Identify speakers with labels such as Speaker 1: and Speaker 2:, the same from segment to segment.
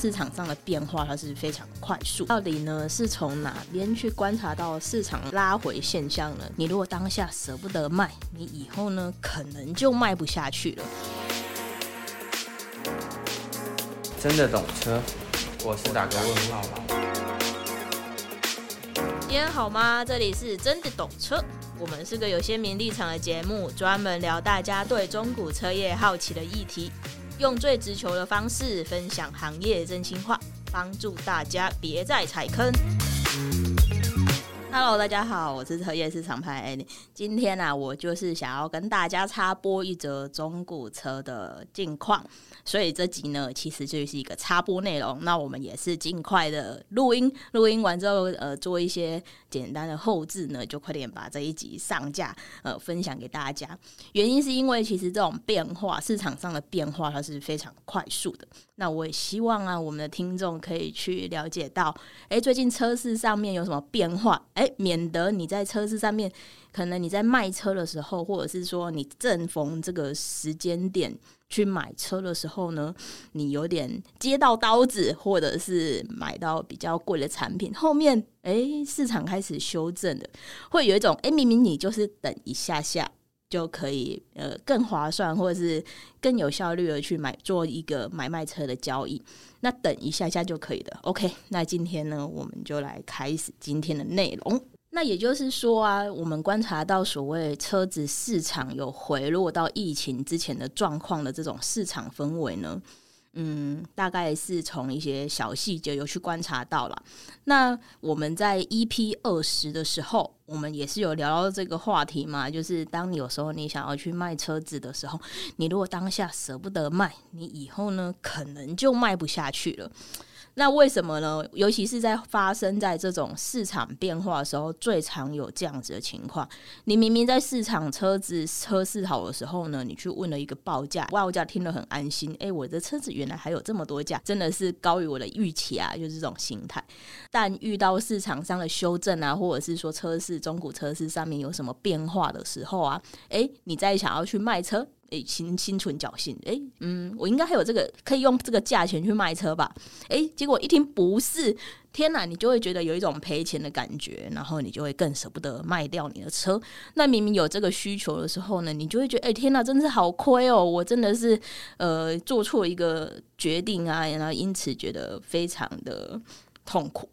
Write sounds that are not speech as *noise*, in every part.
Speaker 1: 市場上的變化，它是非常快速。到底呢是從哪邊去觀察到市場拉回現象呢？你如果當下捨不得賣，你以後呢可能就賣不下去了。真滴懂車，我是大哥問老闆。今天好嗎？這裡是真滴懂車，我們是個有鮮明立場的節目，專門聊大家對中古車業好奇的議題。用最直球的方式分享行業真心話，幫助大家別再踩坑。Hello，大家好，我是車業市場派 Annie、欸。今天呢、啊，我就是想要跟大家插播一則中古車的近況，所以這集呢，其實就是一個插播內容。那我們也是儘快的錄音，錄音完之後，呃，做一些簡單的後製呢，就快點把這一集上架，呃，分享給大家。原因是因為其實這種變化，市場上的變化，它是非常快速的。那我也希望啊，我們的聽眾可以去了解到，誒、欸，最近車市上面有什麼變化，誒、欸。免得你在車子上面，可能你在賣車的時候，或者是說你正逢這個時間點去買車的時候呢，你有點接到刀子，或者是買到比較貴的產品，後面誒、欸、市場開始修正的，會有一種誒、欸、明明你就是等一下下。就可以呃更划算，或者是更有效率的去買做一個買賣車的交易。那等一下下就可以了。OK，那今天呢，我們就來開始今天的內容。那也就是說啊，我們觀察到所謂車子市場有回落到疫情之前的狀況的這種市場氛圍呢，嗯，大概是從一些小細節有去觀察到了。那我們在 EP20 的時候，我們也是有聊到這個話題嘛，就是當你有時候你想要去賣車子的時候，你如果當下捨不得賣，你以後呢可能就賣不下去了。那為什麼呢？尤其是在發生在這種市場變化的時候，最常有這樣子的情況：你明明在市場車子車市好的時候呢，你去問了一個報價，報價聽得很安心，哎，我的車子原來還有這麼多價，真的是高於我的預期啊，就是這種心態。但遇到市場上的修正啊，或者是說車市，中古車市上面有什麼變化的時候啊，欸，你在想要去賣車，欸，心心存僥倖，欸，嗯，我應該還有這個可以用這個價錢去賣車吧？欸，結果一聽不是，天哪！你就會覺得有一種賠錢的感覺，然後你就會更捨不得賣掉你的車。那明明有這個需求的時候呢，你就會覺得，欸，天哪，真是好虧哦！我真的是呃，做錯一個決定啊，然後因此覺得非常的。痛苦。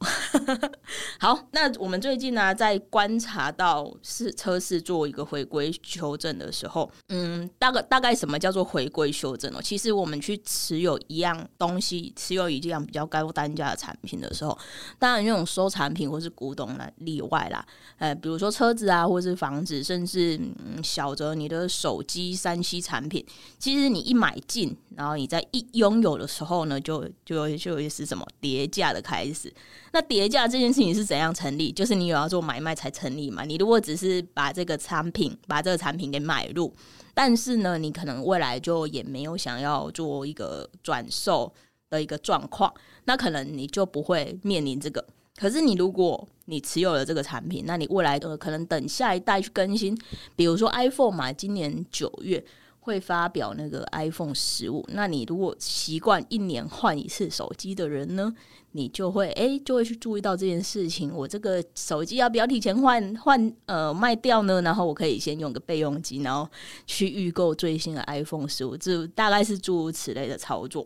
Speaker 1: *laughs* 好，那我們最近呢、啊，在觀察到是車市做一個回歸修正的時候，嗯，大概大概什麼叫做回歸修正呢、哦？其實我們去持有一樣東西，持有一樣比較高單價的產品的時候，當然這種收藏品或是古董呢，例外啦。呃，比如說車子啊，或是房子，甚至、嗯、小則你的手機三 C 產品，其實你一買進，然後你在一擁有的時候呢，就就就是什麼跌價的開始。那疊價這件事情是怎樣成立？就是你有要做買賣才成立嘛？你如果只是把這個產品把這個產品給買入，但是呢，你可能未來就也沒有想要做一個轉售的一個狀況，那可能你就不會面臨這個。可是，你如果你持有了這個產品，那你未來可能等下一代去更新，比如說 iPhone 嘛，今年九月會發表那個 iPhone 十五，那你如果習慣一年換一次手機的人呢？你就會哎、欸，就會去注意到這件事情。我這個手機要不要提前換換呃賣掉呢？然後我可以先用個備用機，然後去預購最新的 iPhone 十五，就大概是諸如此類的操作。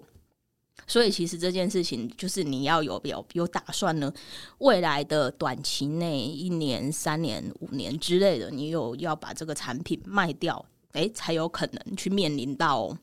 Speaker 1: 所以其實這件事情就是你要有有有打算呢，未來的短期內一年、三年、五年之類的，你有要把這個產品賣掉，哎、欸，才有可能去面臨到、哦、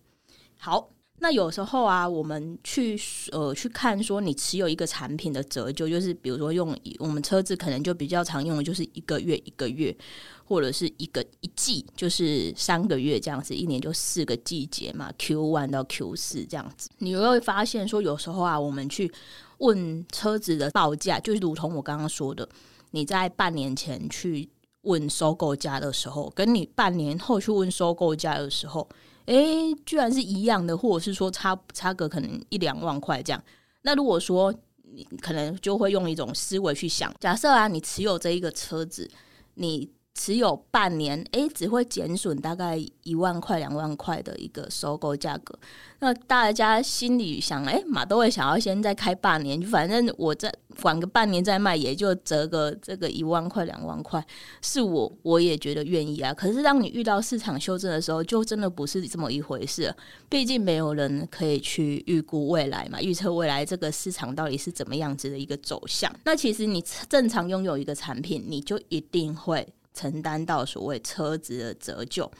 Speaker 1: 好。那有時候啊，我們去呃去看說你持有一個產品的折舊，就是比如說用我們車子，可能就比較常用的就是一個月一個月，或者是一個一季，就是三個月這樣子，一年就四個季節嘛，Q one 到 Q 四這樣子。你有沒有發現說有時候啊，我們去問車子的報價，就如同我剛剛說的，你在半年前去問收購價的時候，跟你半年後去問收購價的時候。哎、欸，居然是一樣的，或者是說差差個可能一兩萬塊這樣。那如果說你可能就會用一種思維去想，假設啊，你持有這一個車子，你。持有半年，哎，只會減損大概一萬塊、兩萬塊的一個收購價格。那大家心裡想，哎，馬都會想要先再開半年，反正我再管個半年再賣，也就折個這個一萬塊、兩萬塊，是我我也覺得願意啊。可是，當你遇到市場修正的時候，就真的不是這麼一回事啊。畢竟沒有人可以去預估未來嘛，預測未來這個市場到底是怎麼樣子的一個走向。那其實你正常擁有一個產品，你就一定會。承擔到所謂車子的折舊，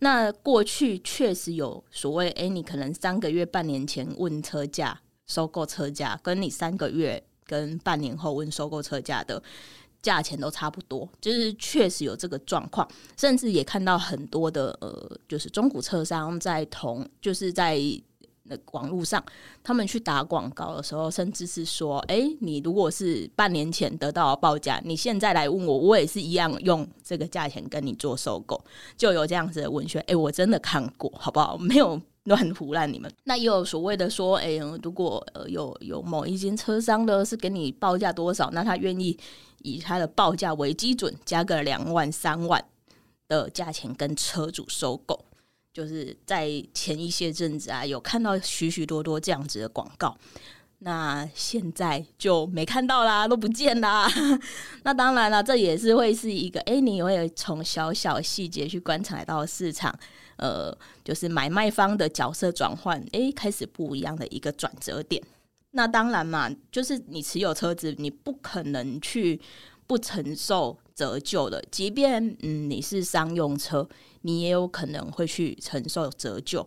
Speaker 1: 那過去確實有所謂，哎、欸，你可能三個月、半年前問車價收購車價，跟你三個月跟半年後問收購車價的價錢都差不多，就是確實有這個狀況，甚至也看到很多的呃，就是中古車商在同，就是在。那網絡上，他們去打廣告的時候，甚至是說：“哎、欸，你如果是半年前得到報價，你現在來問我，我也是一樣用這個價錢跟你做收購。”就有這樣子的文學。哎、欸，我真的看過，好不好？沒有亂唬爛你們。那也有所謂的說：“哎、欸，如果、呃、有有某一間車商呢是給你報價多少，那他願意以他的報價為基準，加個兩萬三萬的價錢跟車主收購。”就是在前一些陣子啊，有看到許許多多這樣子的廣告，那現在就沒看到啦，都不見啦。 *laughs* 那當然了、啊，這也是會是一個，哎、欸，你也會從小小細節去觀察到市場，呃，就是買賣方的角色轉換，哎、欸，開始不一樣的一個轉折點。那當然嘛，就是你持有車子，你不可能去不承受折舊的，即便嗯你是商用車。你也有可能會去承受折舊，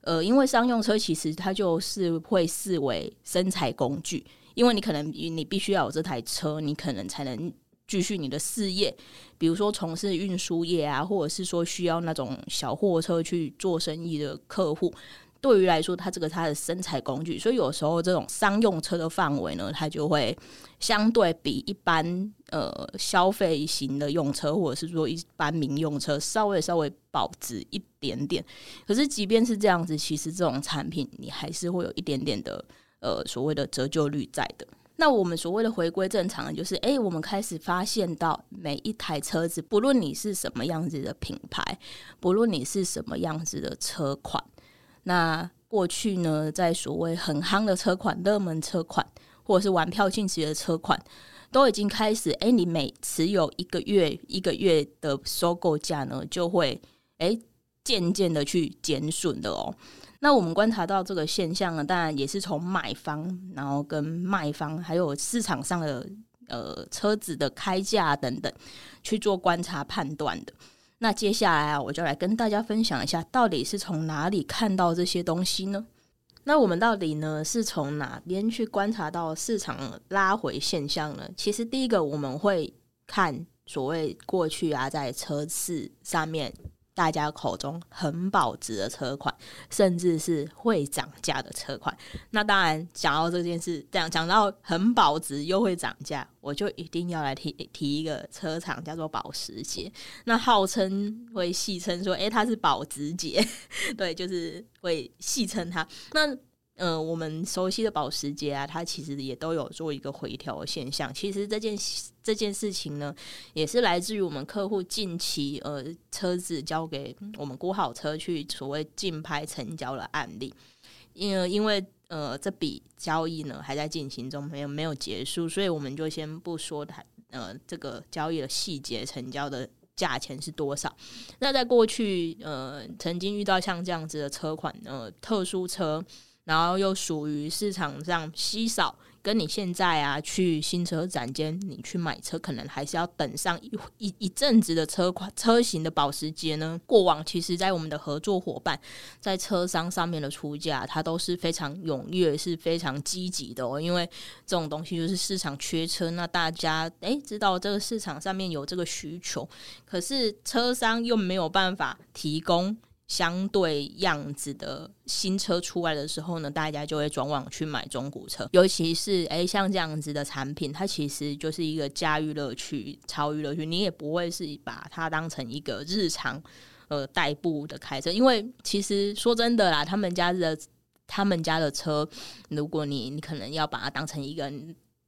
Speaker 1: 呃，因為商用車其實它就是會視為生產工具，因為你可能你必須要有這台車，你可能才能繼續你的事業，比如說從事運輸業啊，或者是說需要那種小貨車去做生意的客戶。對於來說，它這個是它的生產工具，所以有時候這種商用車的範圍呢，它就會相對比一般呃消費型的用車，或者是說一般民用車，稍微稍微保值一點點。可是即便是這樣子，其實這種產品你還是會有一點點的呃所謂的折舊率在的。那我們所謂的回歸正常，就是哎，我們開始發現到每一台車子，不論你是什麼樣子的品牌，不論你是什麼樣子的車款。那過去呢，在所謂很夯的車款、熱門車款，或者是玩票性質的車款，都已經開始，哎、欸，你每持有一個月、一個月的收購價呢，就會，哎，漸漸的去減損的哦。那我們觀察到這個現象呢，當然也是從買方，然後跟賣方，還有市場上的，呃，車子的開價等等去做觀察判斷的。那接下來啊，我就來跟大家分享一下，到底是從哪裡看到這些東西呢？那我們到底呢，是從哪邊去觀察到市場拉回現象呢？其實第一個，我們會看所謂過去啊，在車市上面。大家口中很保值的車款，甚至是會漲價的車款。那當然，講到這件事，這樣講到很保值又會漲價，我就一定要來提提一個車廠，叫做保時捷。那號稱會戲稱說，誒、欸，它是保時捷，對，就是會戲稱它。那呃，我們熟悉的保時捷啊，它其實也都有做一個回調的現象。其實這件這件事情呢，也是來自於我們客戶近期呃車子交給我們估好車去所謂競拍成交的案例。因、呃、因為呃這筆交易呢還在進行中，沒有沒有結束，所以我們就先不說它呃這個交易的細節，成交的價錢是多少。那在過去呃曾經遇到像這樣子的車款呃特殊車。然後又屬於市場上稀少，跟你現在啊去新車展間，你去買車，可能還是要等上一一一陣子的車款車型的保時捷呢。過往其實，在我們的合作夥伴在車商上面的出價，它都是非常踴躍，是非常積極的哦。因為這種東西就是市場缺車，那大家哎知道這個市場上面有這個需求，可是車商又沒有辦法提供。相對樣子的新車出來的時候呢，大家就會轉往去買中古車，尤其是哎、欸、像這樣子的產品，它其實就是一個駕馭樂趣、超越樂趣，你也不會是把它當成一個日常呃代步的開車，因為其實說真的啦，他們家的他們家的車，如果你你可能要把它當成一個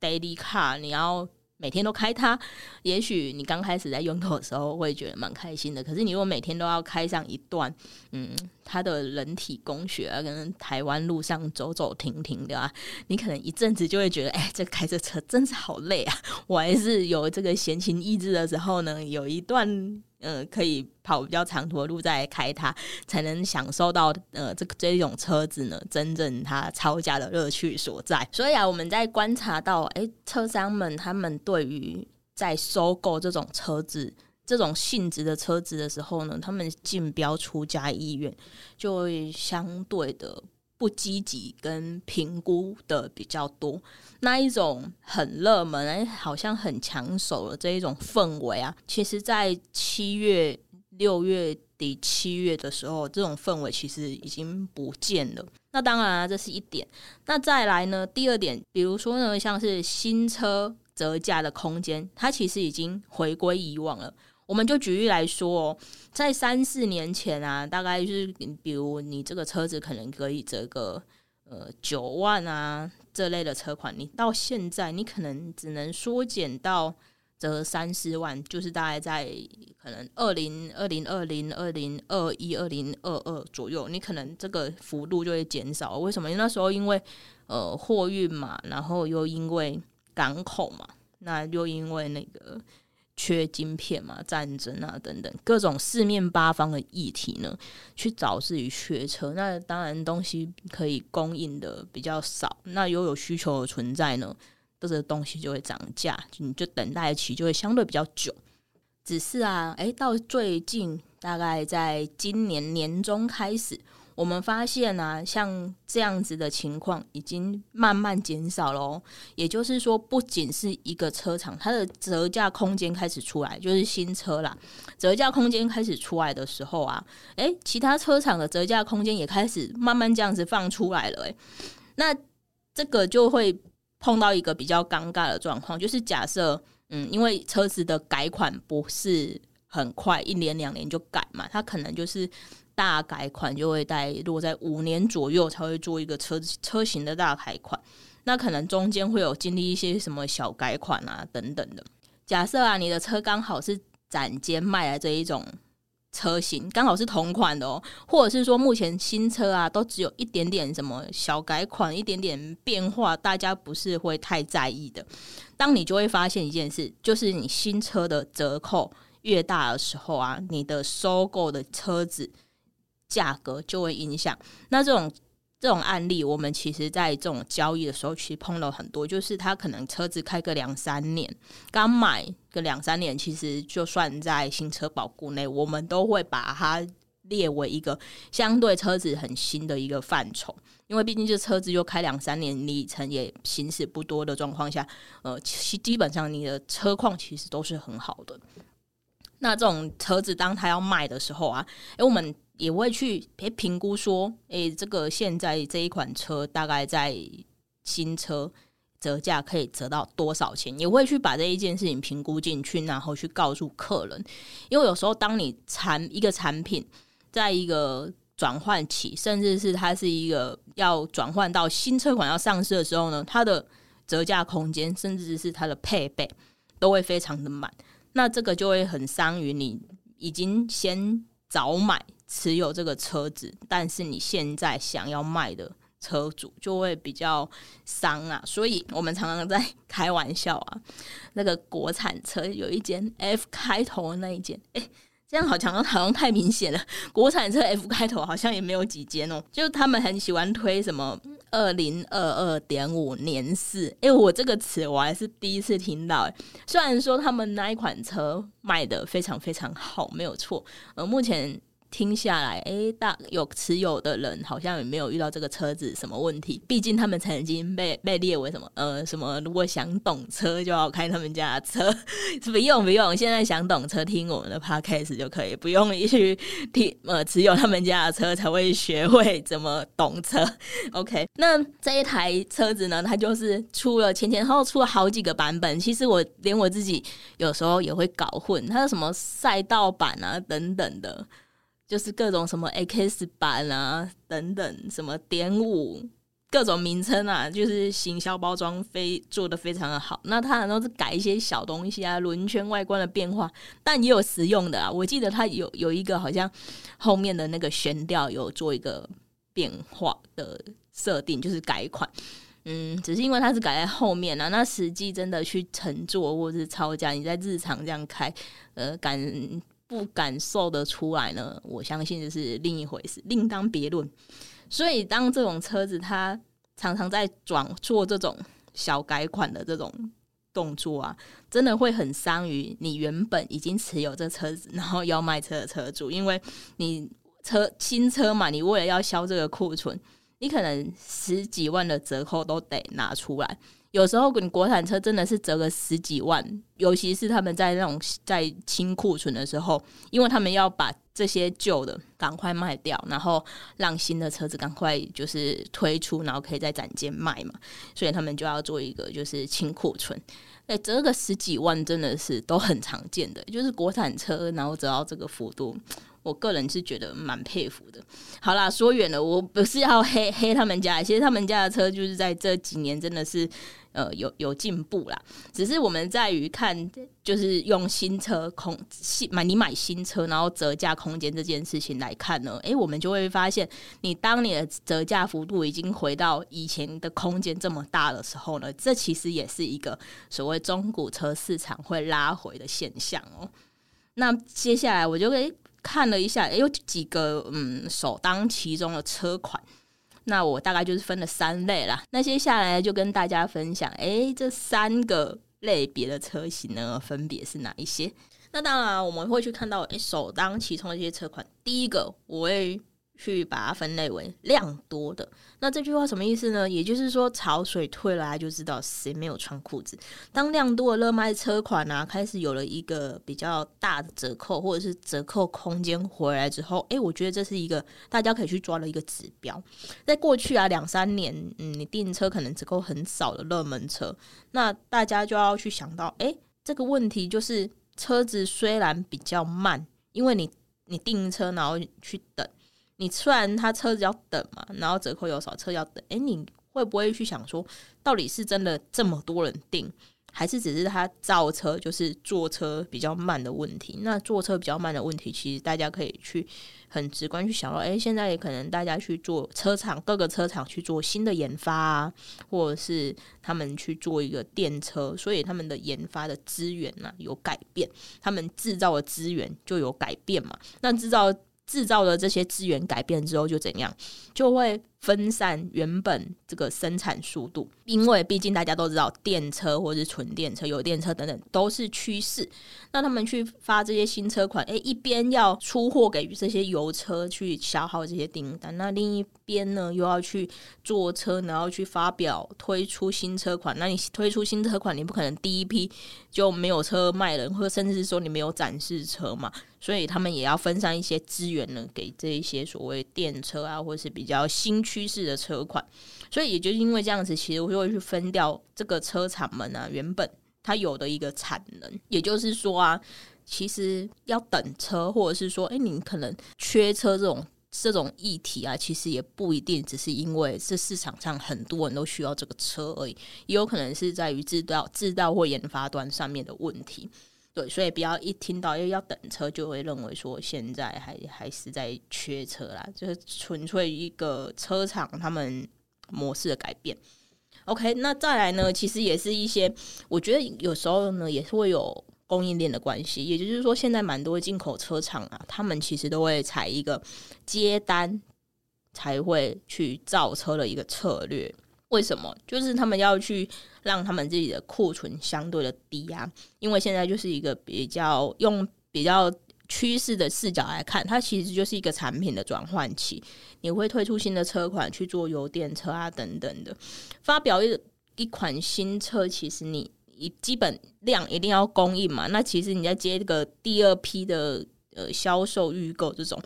Speaker 1: daily car，你要。每天都開它，也許你剛開始在用它的時候會覺得蠻開心的。可是你如果每天都要開上一段，嗯，它的人體工學啊，跟台灣路上走走停停的啊，你可能一陣子就會覺得，哎、欸，這開着車真是好累啊！我還是有這個閒情逸致的時候呢，有一段。呃，可以跑比較長途的路再來開它，才能享受到呃這個這一種車子呢，真正它操駕的樂趣所在。所以啊，我們在觀察到，哎，車商們他們對於在收購這種車子、這種性質的車子的時候呢，他們競標出價意願就會相對的。不積極跟評估的比較多，那一種很熱門哎，好像很搶手的這一種氛圍啊，其實在七月六月底七月的時候，這種氛圍其實已經不見了。那當然啊，這是一點。那再來呢，第二點，比如說呢，像是新車折價的空間，它其實已經回歸以往了。我們就舉例來說哦，在三四年前啊，大概就是比如你這個車子可能可以折個呃九萬啊這類的車款，你到現在你可能只能縮減到折三四萬，就是大概在可能二零二零二零二零二一、二零二二左右，你可能這個幅度就會減少。為什麼？那時候因為呃貨運嘛，然後又因為港口嘛，那又因為那個。缺晶片嘛、啊，戰爭啊，等等各種四面八方的議題呢，去導致於缺車。那當然東西可以供應的比較少，那又有需求的存在呢，這個東西就會漲價，就你就等待期就會相對比較久。只是啊，誒、欸，到最近大概在今年年中開始。我們發現啊，像這樣子的情況已經慢慢減少了。也就是說，不僅是一個車廠，它的折價空間開始出來，就是新車啦，折價空間開始出來的時候啊，誒、欸，其他車廠的折價空間也開始慢慢這樣子放出來了、欸。誒，那這個就會碰到一個比較尷尬的狀況，就是假設，嗯，因為車子的改款不是很快，一年兩年就改嘛，它可能就是。大改款，就會在如果在五年左右才會做一個車車型的大改款，那可能中間會有經歷一些什麼小改款啊等等的。假設啊，你的車剛好是展間賣的這一種車型，剛好是同款的哦，或者是說目前新車啊都只有一點點什麼小改款，一點點變化，大家不是會太在意的。當你就會發現一件事，就是你新車的折扣越大的時候啊，你的收購的車子。價格就會影響。那這種這種案例，我們其實，在這種交易的時候，其實碰到很多，就是他可能車子開個兩三年，剛買個兩三年，其實就算在新車保固內，我們都會把它列為一個相對車子很新的一個範疇。因為畢竟這車子就開兩三年里程也行駛不多的狀況下，呃其，基本上你的車況其實都是很好的。那這種車子，當他要賣的時候啊，哎、欸，我們。也會去評估說，誒、欸，這個現在這一款車大概在新車折價可以折到多少錢？也會去把這一件事情評估進去，然後去告訴客人。因為有時候，當你產一個產品，在一個轉換期，甚至是它是一個要轉換到新車款要上市的時候呢，它的折價空間，甚至是它的配備，都會非常的滿。那這個就會很傷於你已經先早買。持有這個車子，但是你現在想要賣的車主就會比較傷啊，所以我們常常在開玩笑啊。那個國產車有一間 F 開頭的那一間，哎、欸，這樣好強啊，好像太明顯了。國產車 F 開頭好像也沒有幾間哦、喔，就他們很喜歡推什麼二零二二點五年式哎、欸，我這個詞我還是第一次聽到、欸。雖然說他們那一款車賣的非常非常好，沒有錯，呃，目前。聽下來，誒、欸，大有持有的人好像也沒有遇到這個車子什麼問題。畢竟他們曾經被被列為什麼，呃，什麼？如果想懂車，就要開他們家的車， *laughs* 不用不用。現在想懂車，聽我們的 podcast 就可以，不用去聽呃持有他們家的車才會學會怎麼懂車。 *laughs* OK，那這一台車子呢，它，就是出了前前後後出了好幾個版本。其實我連我自己有時候也會搞混，它是什麼賽道版啊等等的。就是各種什麼 A K S 版啊，等等，什麼點五，5, 各種名稱啊，就是行銷包裝非做的非常的好。那它很多是改一些小東西啊，輪圈外觀的變化，但也有實用的啊。我記得它有有一個好像後面的那個懸吊有做一個變化的設定，就是改款。嗯，只是因為它是改在後面啊。那實際真的去乘坐或是操駕，你在日常這樣開，呃，感。不感受得出來呢，我相信這是另一回事，另當別論。所以，當這種車子它常常在轉做這種小改款的這種動作啊，真的會很傷於你原本已經持有這車子，然後要賣車的車主，因為你車新車嘛，你為了要銷這個庫存，你可能十幾萬的折扣都得拿出來。有時候，你國產車真的是折個十幾萬，尤其是他們在那種在清庫存的時候，因為他們要把這些舊的趕快賣掉，然後讓新的車子趕快就是推出，然後可以在展間賣嘛，所以他們就要做一個就是清庫存，哎，折個十幾萬真的是都很常見的，就是國產車，然後折到這個幅度。我個人是覺得蠻佩服的。好啦，說遠了，我不是要黑黑他們家。其實他們家的車就是在這幾年真的是呃有有進步啦。只是我們在於看，就是用新車空新買你買新車，然後折價空間這件事情來看呢，哎，我們就會發現，你當你的折價幅度已經回到以前的空間這麼大的時候呢，這其實也是一個所謂中古車市場會拉回的現象哦。那接下來我就會。看了一下，誒有幾個嗯，首當其衝的車款，那我大概就是分了三類啦。那接下來就跟大家分享，哎，這三個類別的車型呢，分別是哪一些？那當然、啊，我們會去看到，哎，首當其衝的這些車款，第一個我會。去把它分類為量多的，那這句話什麼意思呢？也就是說，潮水退了，他就知道誰沒有穿褲子。當量多的熱賣車款啊，開始有了一個比較大的折扣，或者是折扣空間回來之後，哎、欸，我覺得這是一個大家可以去抓的一個指標。在過去啊兩三年，嗯，你訂車可能折扣很少的熱門車，那大家就要去想到，哎、欸，這個問題就是車子雖然比較慢，因為你你訂車然後去等。你雖然他車子要等嘛，然後折扣有少，車要等，哎、欸，你會不會去想說，到底是真的這麼多人訂，還是只是他造車就是坐車比較慢的問題？那坐車比較慢的問題，其實大家可以去很直觀去想到。哎、欸，現在也可能大家去做車廠，各個車廠去做新的研發啊，或者是他們去做一個電車，所以他們的研發的資源呢、啊、有改變，他們製造的資源就有改變嘛。那製造。製造的這些資源改變之後就怎樣，就會分散原本這個生產速度，因為畢竟大家都知道，電車或是純電車、油電車等等都是趨勢。那他們去發這些新車款，誒、欸，一邊要出貨給這些油車去消耗這些訂單，那另一邊呢，又要去坐車，然後去發表推出新車款。那你推出新車款，你不可能第一批就沒有車賣了，或甚至是說你沒有展示車嘛？所以他們也要分散一些資源呢，給這一些所謂電車啊，或是比較新。趨勢的車款，所以也就是因為這樣子，其實我就會去分掉這個車廠們呢，原本它有的一個產能。也就是說啊，其實要等車，或者是說，誒、欸，你可能缺車這種這種議題啊，其實也不一定只是因為這市場上很多人都需要這個車而已，也有可能是在於製造製造或研發端上面的問題。對，所以不要一聽到又要等車，就會認為說現在還還是在缺車啦。就是純粹一個車廠他們模式的改變。OK，那再來呢，其實也是一些，我覺得有時候呢，也是會有供應鏈的關係。也就是說，現在蠻多進口車廠啊，他們其實都會採一個接單才會去造車的一個策略。為什麼？就是他們要去讓他們自己的庫存相對的低啊，因為現在就是一個比較用比較趨勢的視角來看，它其實就是一個產品的轉換期。你會推出新的車款去做油電車啊等等的，發表一一款新車，其實你一基本量一定要供應嘛。那其實你在接這個第二批的呃銷售預購這種。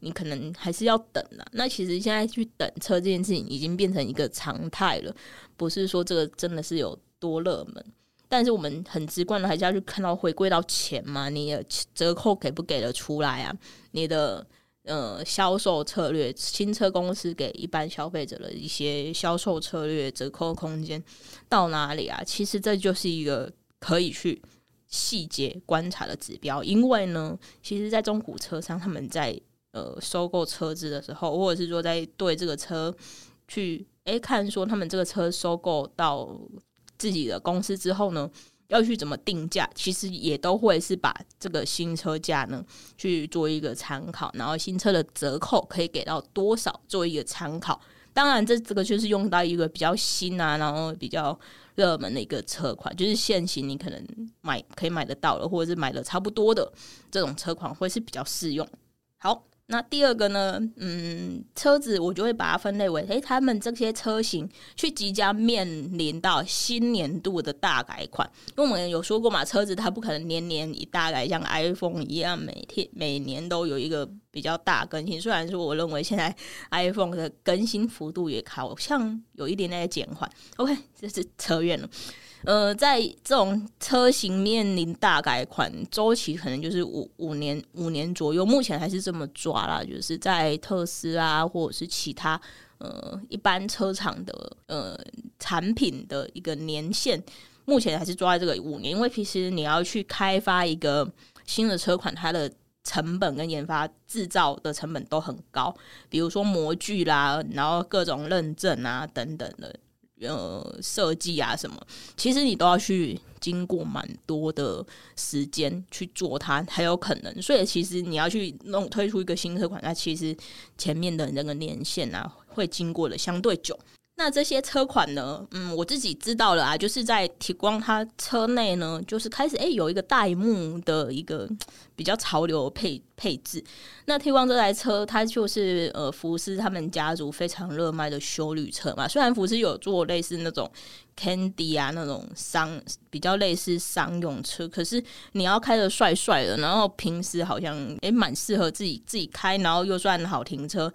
Speaker 1: 你可能還是要等啊。那其實現在去等車這件事情已經變成一個常態了，不是說這個真的是有多熱門。但是我們很直觀的還是要去看到回歸到錢嘛，你的折扣給不給得出來啊？你的呃銷售策略，新車公司給一般消費者的一些銷售策略、折扣空間到哪裡啊？其實這就是一個可以去細節觀察的指標，因為呢，其實，在中古車商，他們在呃，收購車子的時候，或者是說在對這個車去誒、欸、看，說他們這個車收購到自己的公司之後呢，要去怎麼定價，其實也都會是把這個新車價呢去做一個參考，然後新車的折扣可以給到多少做一個參考。當然，這這個就是用到一個比較新啊，然後比較熱門的一個車款，就是現行你可能買可以買得到了，或者是買得差不多的這種車款會是比較適用。好。那第二個呢？嗯，車子我就會把它分類為，哎、欸，他們這些車型去即將面臨到新年度的大改款，因為我們有說過嘛，車子它不可能年年一大改，像 iPhone 一樣，每天每年都有一個比較大更新。雖然說，我認為現在 iPhone 的更新幅度也好像有一點點減緩。OK，這是扯遠了。呃，在這種車型面臨大改款週期，可能就是五五年五年左右。目前還是這麼抓啦，就是在特斯拉或者是其他呃一般車廠的呃產品的一個年限，目前還是抓在這個五年。因為其實你要去開發一個新的車款，它的成本跟研發製造的成本都很高，比如說模具啦，然後各種認證啊等等的。呃，設計啊什麼，其實你都要去經過蠻多的時間去做它，才有可能。所以，其實你要去弄推出一個新車款，那其實前面的那個年限啊，會經過的相對久。那這些車款呢，嗯，我自己知道了啊，就是在提光它車內呢，就是開始誒、欸、有一個代目的一個比較潮流配配置，那 Tiguan 這台車，它就是呃，福斯他們家族非常熱賣的休旅車嘛。雖然福斯有做類似那種 Caddy 啊，那種商比較類似商用車，可是你要開得帥帥的，然後平時好像也蠻適合自己自己開，然後又算好停車，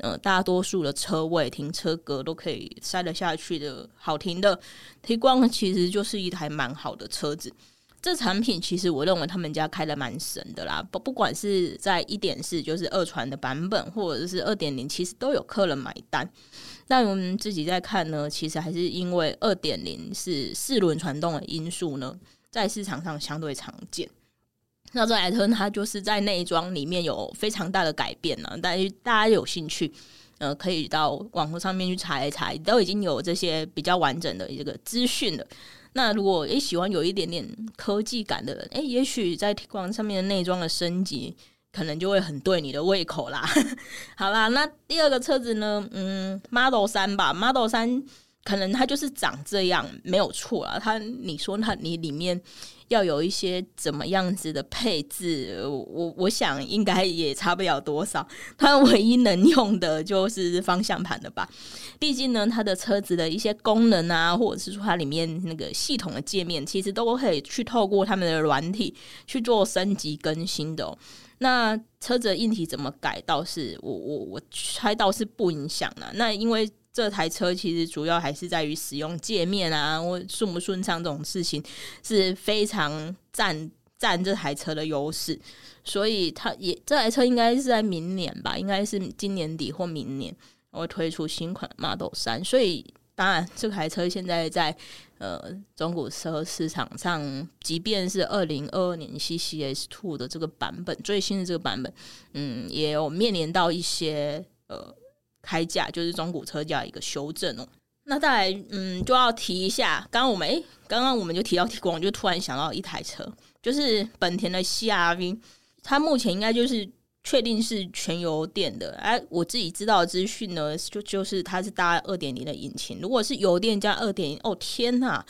Speaker 1: 呃，大多數的車位停車格都可以塞得下去的好停的 Tiguan，其實就是一台蠻好的車子。這產品其實我認為他們家開得蠻神的啦，不不管是在一點四就是二傳的版本，或者是二點零，其實都有客人買單。但我們自己在看呢，其實還是因為二點零是四輪傳動的因素呢，在市場上相對常見。那這台車它就是在內裝裡面有非常大的改變呢，大家大家有興趣，呃，可以到網絡上面去查一查，都已經有這些比較完整的這個資訊了。那如果也喜歡有一點點科技感的人，哎、欸，也許在提供上面的內裝的升級，可能就會很對你的胃口啦。 *laughs* 好啦，那第二個車子呢？嗯，Model 三吧，Model 三。可能它就是長這樣，沒有錯啊。它你說它你裡面要有一些怎麼樣子的配置，我我想應該也差不了多少。它唯一能用的就是方向盤了吧？畢竟呢，它的車子的一些功能啊，或者是說它裡面那個系統的界面，其實都可以去透過他們的軟體去做升級更新的喔。那車子的硬體怎麼改，倒是我我我猜倒是不影響了。那因為。這台車其實主要還是在於使用界面，啊，我順不順暢這種事情是非常占占這台車的優勢，所以它也這台車應該是在明年吧，應該是今年底或明年會推出新款 Model 三。所以當然，這台車現在在呃中古車市場上，即便是二零二二年 CCS Two 的這個版本，最新的這個版本，嗯，也有面臨到一些呃。開價就是中古車價一個修正哦、喔，那再來，嗯，就要提一下，剛剛我們哎，剛、欸、剛我們就提到提，提過，我就突然想到一台車，就是本田的 CRV，它目前應該就是確定是全油電的，哎、欸，我自己知道的資訊呢，就就是它是搭二點零的引擎，如果是油電加二點零，哦，天吶，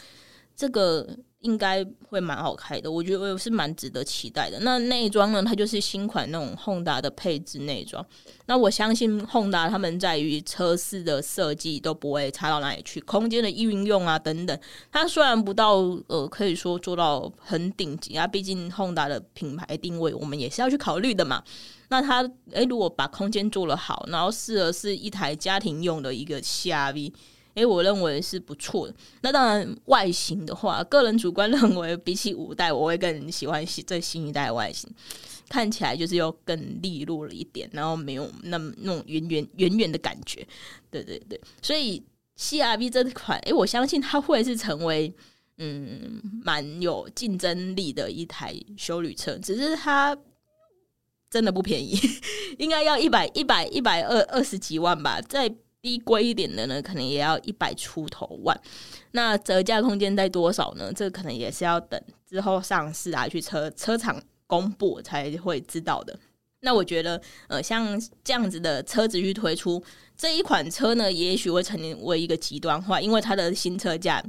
Speaker 1: 這個。應該會蠻好開的，我覺得我是蠻值得期待的。那內裝呢？它就是新款那種宏 o 的配置內裝。那我相信宏 o 他們在於車室的設計都不會差到哪裡去，空間的運用啊等等。它雖然不到呃，可以說做到很頂級啊，畢竟宏 o 的品牌定位我們也是要去考慮的嘛。那它誒、欸，如果把空間做了好，然後適合是一台家庭用的一個 CRV。誒、欸，我認為是不錯的。那當然，外形的話，個人主觀認為，比起五代，我會更喜歡新最新一代外形，看起來就是要更利落了一點，然後沒有那麼那種圓圓圓圓的感覺。對對對，所以 CRV 這款，誒、欸，我相信它會是成為嗯蠻有競爭力的一台休旅車，只是它真的不便宜，應該要一百一百一百二二十幾萬吧，在。低貴一點的呢，可能也要一百出頭萬，那折價空間在多少呢？這可能也是要等之後上市啊，去車車廠公布才會知道的。那我覺得，呃，像這樣子的車子去推出這一款車呢，也許會成為一個極端化，因為它的新車價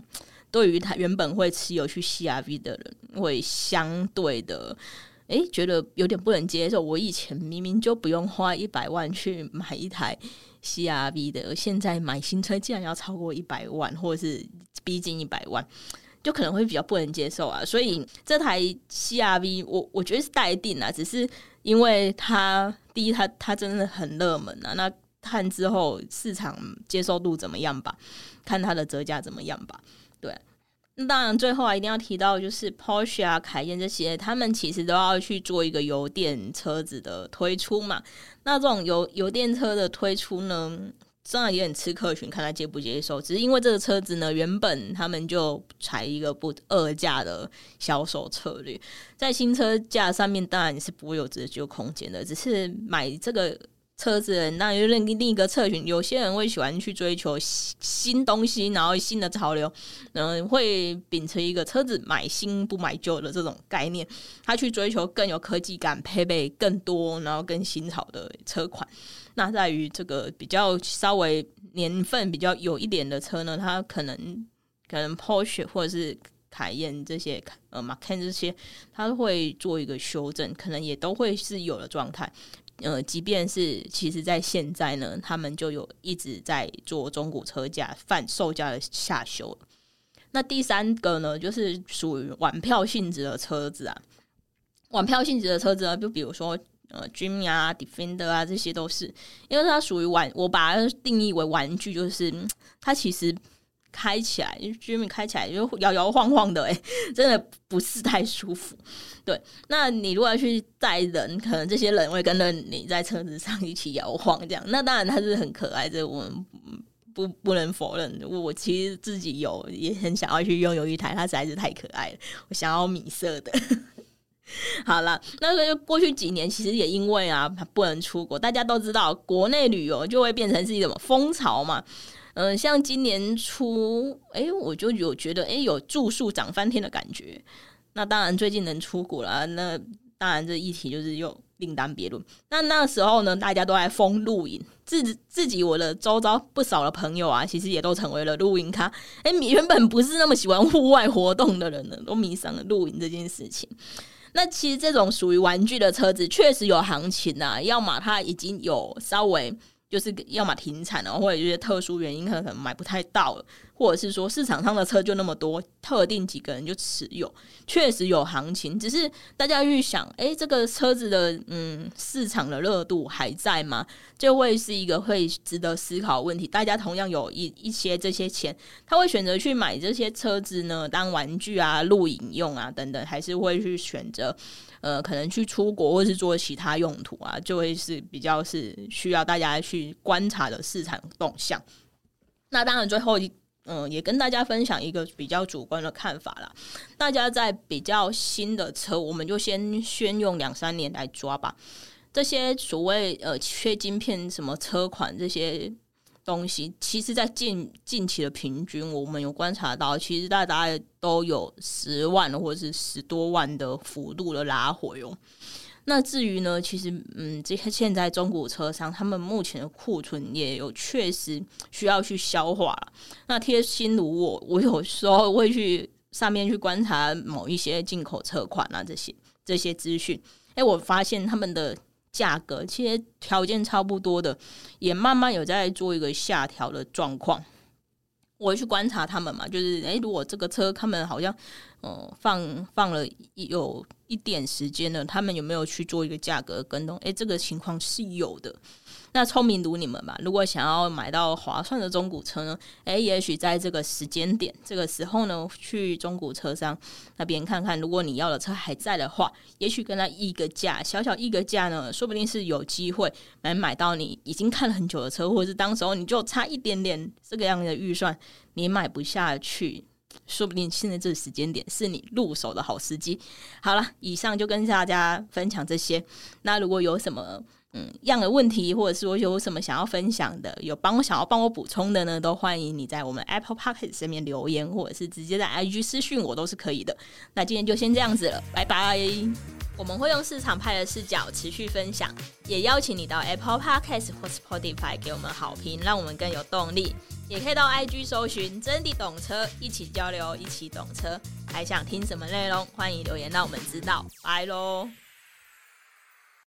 Speaker 1: 對於他原本會持有去 CRV 的人，會相對的，誒、欸，覺得有點不能接受。我以前明明就不用花一百萬去買一台。C R V 的，而現在買新車竟然要超過一百萬，或者是逼近一百萬，就可能會比較不能接受啊。所以這台 C R V，我我覺得是待定啊，只是因為它第一它，它它真的很熱門啊。那看之後市場接受度怎麼樣吧，看它的折價怎麼樣吧，對。那當然，最後啊，一定要提到就是 Porsche 啊、凱宴這些，他們其實都要去做一個油電車子的推出嘛。那這種油油電車的推出呢，當然也很吃客群，看他接不接受。只是因為這個車子呢，原本他們就採一個不二價的銷售策略，在新車價上面當然也是不會有折舊空間的，只是買這個。車子，那就認另一個測群。有些人會喜歡去追求新新東西，然後新的潮流，然後會秉持一個車子買新不買舊的這種概念，他去追求更有科技感、配備更多，然後更新潮的車款。那在於這個比較稍微年份比較有一點的車呢，它可能可能 Porsche 或者是凱宴這些，呃 Macan 這些，它會做一個修正，可能也都會是有的狀態。呃，即便是其實，在現在呢，他們就有一直在做中古車價販售價的下修。那第三個呢，就是屬於玩票性質的車子啊，玩票性質的車子啊，就比如說呃，Jimny 啊、Defender 啊，這些都是，因為它屬於玩，我把它定義為玩具，就是它其實。開起來，因為 Jimny 開起來就搖搖晃晃的，欸，哎，真的不是太舒服。對，那你如果要去帶人，可能這些人會跟着你在車子上一起搖晃，這樣。那當然他是很可愛的。這個，我們不不，不能否認。我其實自己有也很想要去擁有一台，它實在是太可愛了。我想要米色的。 *laughs* 好了，那個就過去幾年，其實也因為啊不能出國，大家都知道國內旅遊就會變成是一種風潮嘛。嗯、呃，像今年初，哎、欸，我就有覺得，哎、欸，有住宿漲翻天的感覺。那當然，最近能出國了，那當然這議題，就是又另當別論。那那時候呢，大家都在瘋露營，自自己我的周遭不少的朋友啊，其實也都成為了露營咖。哎、欸，原本不是那麼喜歡戶外活動的人呢，都迷上了露營這件事情。那其實這種屬於玩具的車子，確實有行情吶、啊。要麼它已經有稍微。就是要麼停產了，或者有些特殊原因，可能買不太到了，或者是說市場上的車就那麼多，特定幾個人就持有，確實有行情，只是大家預想，誒、欸，這個車子的嗯市場的熱度還在嗎？就會是一個會值得思考的問題。大家同樣有一一些這些錢，他會選擇去買這些車子呢，當玩具啊、露營用啊等等，還是會去選擇。呃，可能去出國或是做其他用途啊，就會是比較是需要大家去觀察的市場動向。那當然，最後嗯、呃，也跟大家分享一個比較主觀的看法啦。大家在比較新的車，我們就先先用兩三年來抓吧。這些所謂呃缺晶片什麼車款這些。東西其實，在近近期的平均，我們有觀察到，其實大家都有十萬或者是十多萬的幅度的拉回喔。那至於呢，其實，嗯，這些現在中古車商他們目前的庫存也有確實需要去消化。那貼心如我，我有時候會去上面去觀察某一些進口車款啊，這些這些資訊，哎、欸，我發現他們的。價格其實條件差不多的，也慢慢有在做一個下調的狀況。我去觀察他們嘛，就是誒、欸，如果這個車他們好像，哦、呃，放放了有一點時間了，他們有沒有去做一個價格跟動？誒、欸，這個情況是有的。那聰明如你們嘛，如果想要買到划算的中古車呢，誒，也許在這個時間點、這個時候呢，去中古車商那邊看看。如果你要的車還在的話，也許跟他議個價，小小議個價呢，說不定是有機會來買到你已經看了很久的車，或者是當時候你就差一點點這個樣的預算，你買不下去，說不定現在這個時間點是你入手的好時機。好了，以上就跟大家分享這些。那如果有什麼？嗯，樣的問題，或者是我有什麼想要分享的，有幫我想要幫我補充的呢，都歡迎你在我們 Apple Podcast 裡面留言，或者是直接在 IG 私訊我都是可以的。那今天就先這樣子了，拜拜！ *music* 我們會用市場派的視角持續分享，也邀請你到 Apple Podcast 或 Spotify 給我們好評，讓我們更有動力。也可以到 IG 搜尋真滴懂車，一起交流，一起懂車。還想聽什麼內容？歡迎留言讓我們知道。拜嘍！